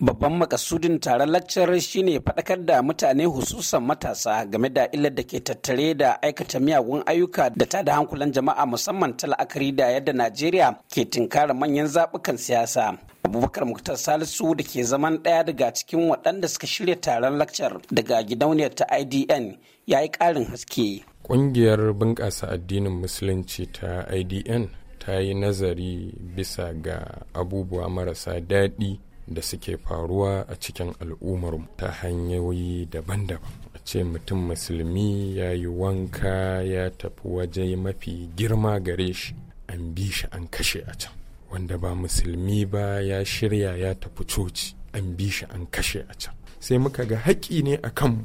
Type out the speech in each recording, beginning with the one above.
Babban makasudin taron shi shine faɗakar da mutane hususan matasa game da illar da ke tattare da aikata miyagun ayyuka da ta da hankulan jama'a musamman ta la'akari da yadda Najeriya ke tinkara manyan zaɓukan siyasa. Abubakar Muktar Salisu da ke zaman ɗaya daga cikin waɗanda suka shirya taron lakcar daga gidauniyar ta IDN ya yi ƙarin haske. Ƙungiyar bunƙasa addinin Musulunci ta IDN ta yi nazari bisa ga abubuwa marasa daɗi da suke faruwa a cikin al'ummar ta hanyoyi daban-daban a ce mutum musulmi ya yi wanka ya tafi waje mafi girma gare shi an bi shi an kashe a can wanda ba musulmi ba ya shirya ya tafi coci an bi shi an kashe a can sai muka ga haƙƙi ne a kanmu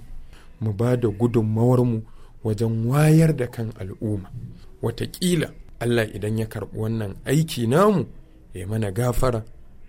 mu ba da gudunmawarmu wajen wayar da kan al'umma wataƙila allah idan ya karɓi wannan aiki namu ya mana gafara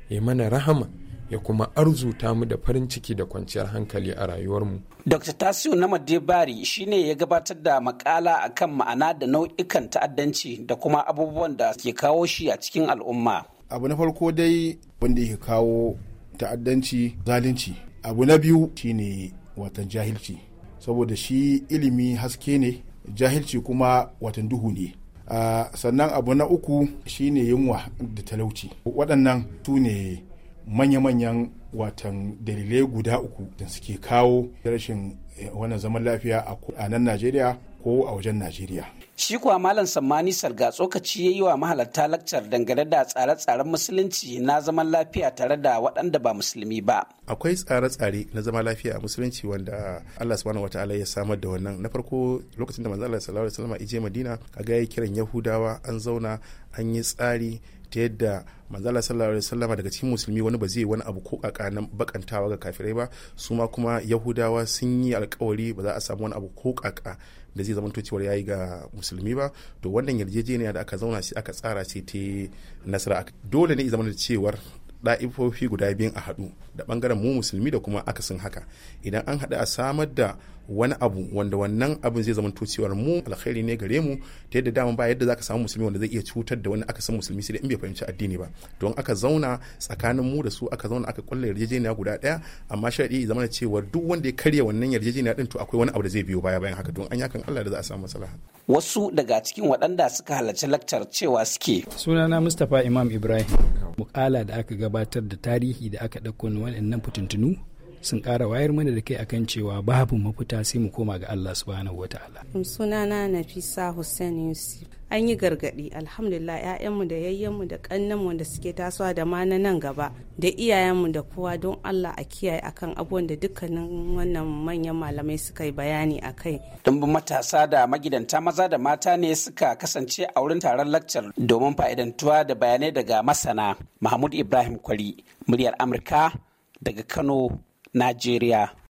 ya mana rahama ya kuma arzuta mu da farin ciki da kwanciyar hankali a rayuwarmu. Dr. Tasiu Madibari shi ne ya gabatar da makala akan ma'ana da nau'ikan ta'addanci da kuma abubuwan da ke kawo shi a cikin al'umma. Abu na farko dai wanda yake kawo ta'addanci zalunci. Abu na biyu shi ne watan jahilci. Saboda shi ilimi haske ne, jahilci kuma watan duhu ne. Ah, sannan abu na uku shine yunwa da talauci waɗannan su ne manya-manyan watan dalilai guda uku da suke kawo rashin eh, wannan zaman lafiya a nan najeriya ko a wajen najeriya shi kuwa malam sammani salga tsokaci ya yi wa mahalarta lakcar dangane da tsare-tsaren musulunci na zaman lafiya tare da waɗanda ba musulmi ba akwai tsare-tsare na zama lafiya a musulunci wanda Allah subhanahu wataala ya samar da wannan na farko lokacin da manzo Allah sallallahu alaihi wasallam ije Madina kaga yayi kiran Yahudawa an zauna an yi tsari ta yadda manzala sallallahu alaihi wasallama daga cikin musulmi wani ba zai wani abu ko kaka na bakantawa ga kafirai ba su ma kuma yahudawa sun yi alkawari ba za a samu wani abu ko kaka da zai zamanto cewar yayi ga musulmi ba to wannan yarjejeniya da aka zauna shi aka tsara sai ta nasara dole ne zama da cewar ɗa'ifofi guda biyun a haɗu da bangaren mu musulmi da kuma akasin haka idan an haɗu a samar da wani abu wanda wannan abin zai zamanto cewar mu alkhairi ne gare mu ta yadda dama ba yadda zaka samu musulmi wanda zai iya cutar da wani aka san musulmi sai in bai fahimci addini ba don aka zauna tsakanin mu da su aka zauna aka kulle yarjejeniya guda daya amma sharadi zamana cewa duk wanda ya karya wannan yarjejeniya din to akwai wani abu da zai biyo baya bayan haka don an yakan Allah da za a samu maslaha wasu daga cikin waɗanda suka halarci lakcar cewa suke sunana Mustapha Imam Ibrahim mukala da aka gabatar da tarihi da aka ɗauko waɗannan fitintunu sun kara wayar mana da kai akan cewa babu mafita sai mu koma ga Allah subhanahu wata'ala. ta'ala. Um, na Nafisa Hussein Yusuf. An yi gargaɗi alhamdulillah ‘ya'yanmu da yayyanmu da ƙannenmu da suke tasowa da ma na nan gaba da iyayenmu da kowa don Allah a kiyaye akan abubuwan da dukkanin wannan manyan malamai suka yi bayani a kai. Dumbin matasa da magidanta maza da mata ne suka kasance a wurin taron lakcar domin fa'idantuwa da bayanai daga masana. Mahmud Ibrahim Kwari, muryar Amurka daga Kano, Najeriya.